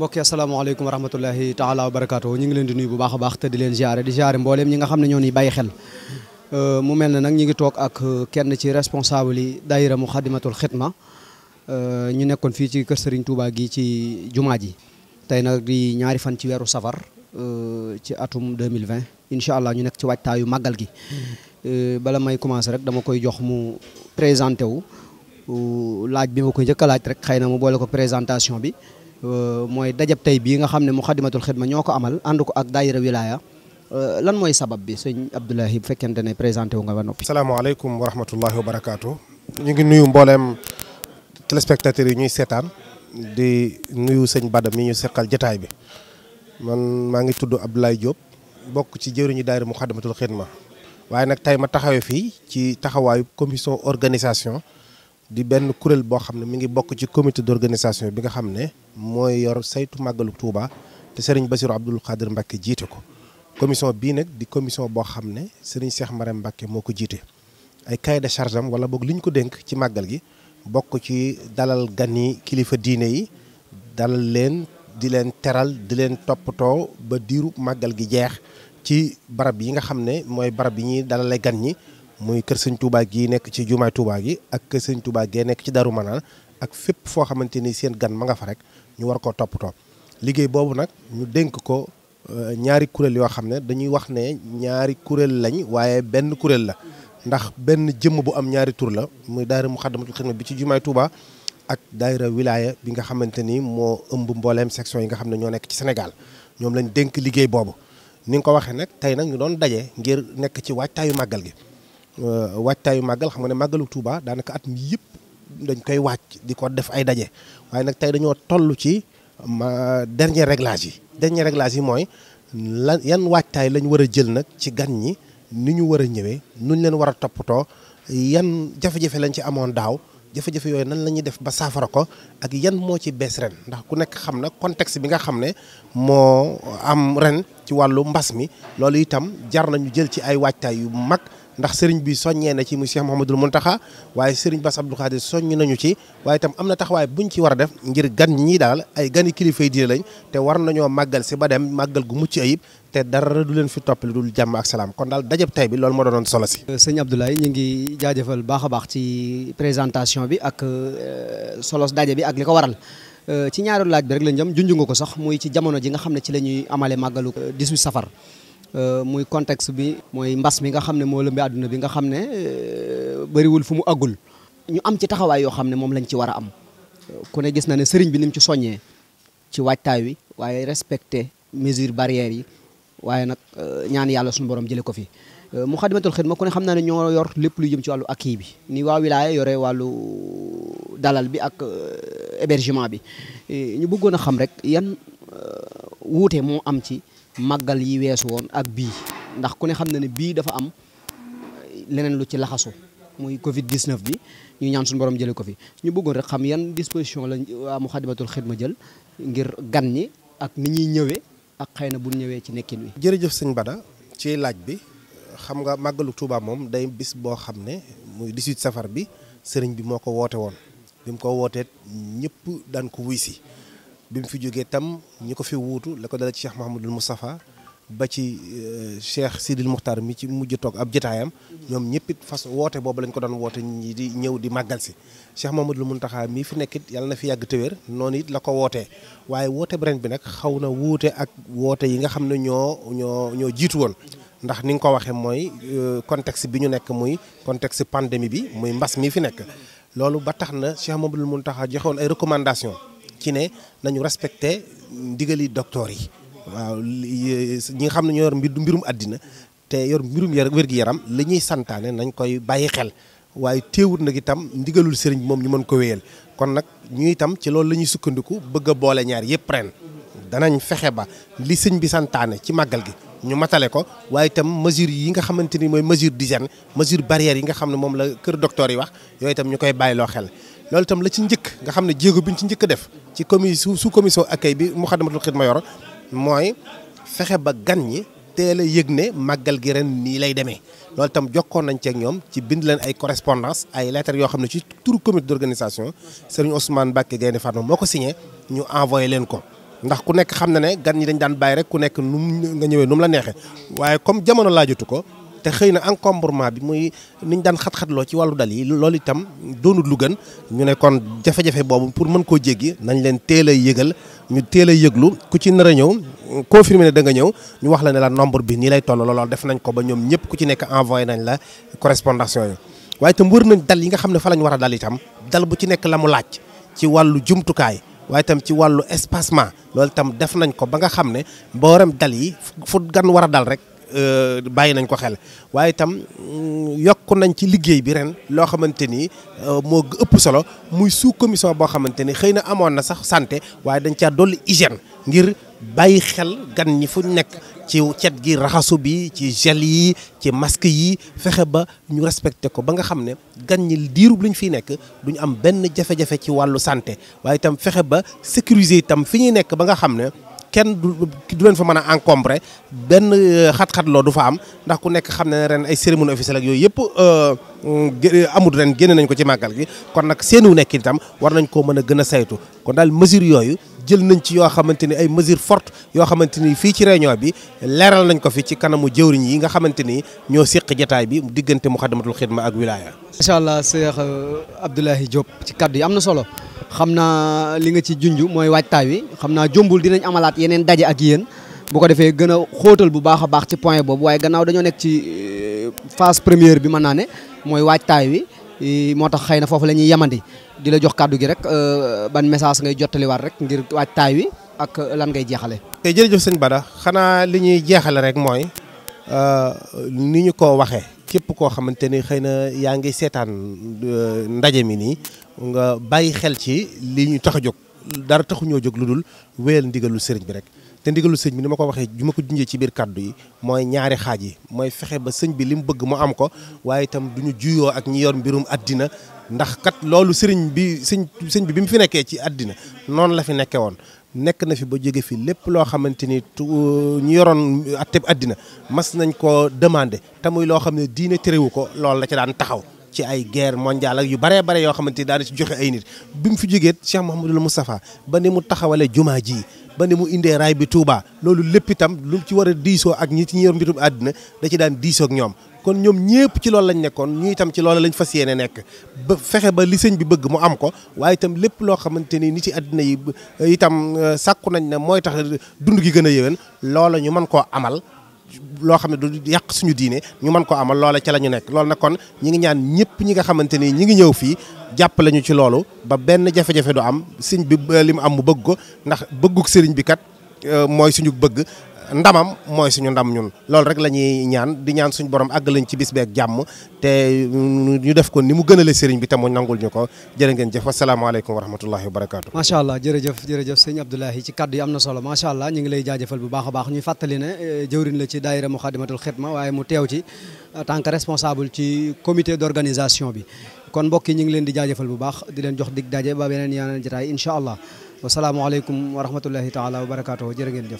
mbokk yi asalaamaaleykum wa rahmatullahi taala wa barakaatu ñu ngi leen di nuyu bu baax a baax te di leen ziare di ziare mbooleem ñi nga xam ne ñoo ñuy bàyyi xel euh, mu mel ne nag ñi ngi toog ak euh, kenn ci responsable yi daayira Muxaddamatul Xidma euh, ñu nekkoon fii ci kër Serigne Touba gi ci jumaa ji tey nag di ñaari fan ci weeru safar ci atum 2020 incha allah ñu nekk ci waajtaayu màggal gi bala may commencé rek dama koy jox mu présenté wu laaj bi ma koy njëkk laaj rek xëy na mu boole ko présentation bi Euh, mooy dajab tey bii nga xam ne Muxaddamatul Xidma ñoo ko amal ànd ko ak daayira wilaaya euh, lan mooy sabab bi sëñ Abdoulahi bu fekkente ne présenté wu nga ba noppi. salaamaaleykum wa rahmatullahi wa ñu ngi nuyu mbooleem téléspectateurs yi ñuy seetaan di nuyu sëñ Bada mi ñu seqal jataay bi man maa ngi tudd Abdoulaye Diop bokk ci jëwriñu daayira Muxaddamatul Xidma waaye nag tey ma taxawee fii ci taxawaayu commission organisation. di benn kuréel boo xam ne mu ngi bokk ci comité d'organisation bi nga xam ne mooy yor saytu màggalu tuuba te Serigne Bassirou Abdoul Khadir Mbacke jiite ko commission bii nag di commission boo xam ne Serigne Cheikh Marème Mbacke moo ko jiite ay cahier de charge am wala boog li ñu ko dénk ci màggal gi bokk ci dalal gan yi kilifa diine yi dalal leen di leen teral di leen toppatoo ba diiru màggal gi jeex ci barab yi nga xam ne mooy barab yi ñuy dalale gan ñi muy kër sëñ Touba gii nekk ci jumaay Touba gi ak kër sëñ Touba gee nekk ci Darou Manaan ak fépp foo xamante ni seen gan ma nga fa rek ñu war koo toppatoo liggéey boobu nag ñu dénk ko euh, ñaari kuréel yoo xam ne dañuy wax ne ñaari kuréel lañ waaye benn kuréel la ndax benn jëmm bu am ñaari tur la muy mu daayira Muxaddamatul Xidma bi ci jumaay Touba ak daayira wilaya bi nga xamante ni moo ëmb mbooleem section yi nga xam ne ñoo nekk ci Sénégal ñoom lañ dénk liggéey boobu ni ko waxee nag tey nag ñu doon daje ngir nekk ci waajtaayu màggal gi Euh, waajtaayu màggal xam nga ne màggalu Touba daanaka at mi yëpp dañ koy wàcc di ko def ay daje waaye nag tey dañoo toll ci ma dernier réglage yi. dernier réglage yi mooy lan yan waajtaay lañ war a jël nag ci gan ñi ni ñu war a ñëwee nuñ leen war a toppatoo yan jafe-jafe lañ ci amoon daaw. jafe-jafe yooyu nan la ñuy def ba saafara ko ak yan moo ci bees ren ndax ku nekk xam na contexte bi nga xam ne moo am ren ci wàllu mbas mi loolu itam jar nañu jël ci ay waajtaay yu mag ndax sëriñ bi soññee na ci muy Cheikh Mouhamadul Mountakha waaye sëriñ Bass Abdou Khadre soññ nañu ci waaye itam am na taxawaay buñ ci war a def ngir gan ñi daal ay gani kilifay diine lañ te war nañoo màggal si ba dem màggal gu mucc ayib te dara du leen fi toppale dul jàmm ak salaam kon daal dajab tey bi loolu moo doon solo si. Euh, sëñ Abdoulaye ñu ngi jaajëfal baax a baax ci présentation bi ak euh, solos daje bi ak li ko waral. Euh, ci ñaareelu laaj bi rek lañ jëm junj nga ko sax muy ci jamono ji nga xam ne ci la ñuy amale màggalu 18 safar. Euh, muy contexte bi mooy mbas mi nga xam ne moo lëmbi àdduna bi nga xam ne euh, bariwul fu mu àggul ñu am ci taxawaay yoo xam ne moom lañ ci war a am ku ne gis na ne sëriñ bi ni mu ci soññee ci waajtaay wi waaye respecte mesures barrières yi waaye nag euh, ñaan yàlla suñu borom jëlee ko fi mu Moukhaddamatoul Khidma ku ne xam naa ne ñoo yor lépp lu jëm ci wàllu accueil bi ni waa wilaaya yore wàllu dalal bi ak hébergement bi ñu bëggoon a xam rek yan wuute moo am ci màggal yi weesu woon ak bii ndax ku ne xam na ne bii dafa am eh, leneen lu ci laxasu muy Covid 19 bi ñu ñaan suñu borom jëlee ko fi ñu bëggoon rek xam yan disposition la waa Muxaddamatul Xidma jël ngir gan ñi ak ni ñuy ñëwee ak xëy na bu ñëwee ci nekkin wi. jërëjëf sëñ Bada ci laaj bi xam nga màggalu Touba moom day bis boo xam ne muy 18 safar bi sëriñ bi moo ko woote woon bi mu ko wootee ñëpp daan ko wuy si bi mu fi jógee tam ñi ko fi wuutu la ko dala ci Cheikh Mouhamadul Moustapha ba ci euh, Cheikh Sidil Muxtaar mi ci mujj toog ab jotaayam ñoom ñëpp it fas woote boobu lañ ko doon woote ñi di ñëw di màggal si Cheikh mun taxaa mii fi nekk yàlla na fi yàgg noonu it la ko wootee waaye woote bi bi nag xaw na wuute ak woote yi nga xam ne ñoo ñoo jiitu woon ndax ni nga ko waxee mooy euh, contexte bi ñu nekk muy contexte pandémie bi muy mbas mi fi nekk loolu ba tax na Cheikh mun taxaa joxewoon ay recommandation ci ne nañu respecté ndigali docteur yi waaw ñi nga xam ne ñoo du mbirum àddina te yor mbirum wér gu yaram li ñuy santaane nañ koy bàyyi xel waaye teewut nag itam ndigalul sëriñ bi moom ñu mën ko wéyal kon nag ñu itam ci loolu la ñuy sukkandiku bëgg boole ñaar yëpp ren danañ fexe ba li sëñ bi santaane ci màggal gi ñu matale ko waaye itam mesure yi nga xamante ni mooy mesure d'hygiène mesure barrière yi nga xam ne moom la kër docteur yi wax yooyu itam ñu koy bàyyiloo xel loolu itam la ci njëkk nga xam ne jéego bi ñu ci njëkk def ci commis sous commission accueil bi Moukhaddamatoul Khidma yor mooy fexe ba gan ñi teel a yëg ne màggal gi ren nii lay demee loolu tam jokkoon nañ ceeg ñoom ci bind leen ay correspondance ay lettres yoo xam ne ci turu comité d'organisation Serigne Ousmane Mbacké Gaynde Fatma moo ko signé ñu envoyé leen ko ndax ku nekk xam na ne gan ñi dañ daan bàyyi rek ku nekk nu nga ñëwee nu mu la neexee waaye comme jamono laajatu ko te xëy na encombrement bi muy ni ñu daan xat-xatloo ci wàllu dal yi loolu itam doonut lu gën ñu ne kon jafe-jafe boobu pour mën koo jéggi nañ leen teel a yëgal ñu teel a yëglu ku ci nar a ñëw confirmé ne da nga ñëw ñu wax la ne la nombre bi nii lay toll lool def nañ ko ba ñoom ñëpp ku ci nekk envoyé nañ la correspondance yooyu waaye itam wër nañ dal yi nga xam ne fa lañ war a dal itam dal bu ci nekk la mu laaj ci wàllu jumtukaay waaye itam ci wàllu espacement loolu itam def nañ ko ba nga xam ne mboolem dal yi fu gan war a dal rek Euh, bàyyi nañ ko xel waaye itam mm, yokk nañ ci liggéey bi ren loo xamante ni euh, moo ëpp solo muy sous commission boo xamante ni xëy na amoon na sax santé waaye dañ caa dolli hygiène ngir bàyyi xel gan ñi fu nekk ci cet gi raxasu bi ci gel yi ci masque yi fexe ba ñu respecté ko ba nga xam ne gan ñi diirub lañ fiy nekk duñu am benn jafe-jafe ci wàllu santé waaye itam fexe ba sécuriser itam fi ñuy nekk ba nga xam ne kenn du leen fa mën a encombré benn euh, xat-xat loo du fa am ndax ku nekk xam ne ren ay cérémonie officielle ak yooyu yëpp euh, mm, amul ren génne nañ ko ci màggal gi kon nag seeniwu nekk itam war nañ koo mën a gën a saytu kon daal mesure yooyu jël nañ ci yoo xamante ni ay mesures fortes yoo xamante ni fii ci réunion bi leeral nañ ko fi ci kanamu jëwriñ yi nga xamante ni ñoo séq jataay bi mu diggante mu Muxaddamatul Xidma ak wilaya. macha allah Cheikh euh, Abdoulaye Diop ci kaddu yi am na solo xam naa li nga ci junj mooy waajtaay wi xam naa jombul dinañ amalaat yeneen daje ak yéen. boo ko defee gën a xóotal bu baax a baax ci point boobu waaye gannaaw dañoo nekk ci euh, phase première bi mën naa ne mooy waajtaay wi. Eh, moo tax xëy na foofu la ñuy yemandi di la jox kàddu gi rek euh, ban message ngay jottaliwaat rek ngir waaj taay wi ak lan ngay jeexale te eh, jërëjëf sëñ Bada xanaa li ñuy jeexale rek mooy euh, ni ñu ko waxee képp koo xamante ni xëy na yaa ngi seetaan euh, ndaje mi nii nga bàyyi xel ci li ñu tax a jóg dara taxuñoo jóg lu dul wéyal ndigalul sëriñ bi rek te ndigalu sëñ bi ni ma ko waxee ju ma ko junjee ci biir kàddu yi mooy ñaari xaaj yi mooy fexe ba sëñ bi li mu bëgg mu am ko waaye itam du ñu juyoo ak ñu yor mbirum àddina ndax kat loolu sëriñ bi sëñ sëñ bi bi mu fi nekkee ci àddina noonu la fi nekkee woon. nekk na fi ba jóge fi lépp loo xamante ni tu euh, ñu yoroon atteb àddina mas nañ ko demandé te muy loo xam ne diine terewu ko loolu la ci daan taxaw. ci ay guerre mondiale ak yu baree bare yoo xamante ni daana ci joxe ay nit bi mu fi jógee Cheikh Mouhamadul Moustapha ba ni mu taxawale jumaa ji ba ni mu indee raay bi Touba loolu lépp itam lu ci war a diisoo ak ñi ci ñor mbirum àddina da ci daan diisoo ak ñoom kon ñoom ñëpp ci loolu lañ nekkoon ñu itam ci loolu lañ fas yéene nekk ba fexe ba li bi bëgg mu am ko waaye itam lépp loo xamante ni nit ci àddina yi itam sàkku nañ ne mooy tax dund gi gën a yéwén loola ñu mën koo amal loo xam ne du yàq suñu diinee ñu mën koo amal loole ca la ñu nekk loolu na kon ñi ngi ñaan ñëpp ñi nga xamante ni ñi ngi ñëw fii jàppale lañu ci loolu ba benn jafe-jafe du am sëñ bi li mu am mu bëgg ko ndax bëgguk sëriñ bi kat euh, mooy suñu bëgg ndamam mooy suñu ndam ñun loolu rek la ñuy ñaan di ñaan suñu borom àgg lañ ci bis beeg jàmm te ñu def ko ni mu gënale sëriñ bi te mu nangul ñu ko jërë ngeen jëf wasalaamaaleykum wa rahmatullahi wa barakaatu macha allah jërëjëf jërëjëf sëñ Abdoulahi ci kaddu yi am na solo macha allah ñu ngi lay jaajëfal bu baax a baax ñuy fàttali ne eh, jëwrin la ci daayira Muxaddamatul Xidma waaye mu teew ci tant que responsable ci comité d'organisation bi kon mbokk yi ñu ngi leen di jaajëfal bu baax di leen jox dig daje ba beneen yaaneen jotaay incha allah wasalaamaaleykum wa rahmatullahi taala wa barakaatu jërë ngeen jëf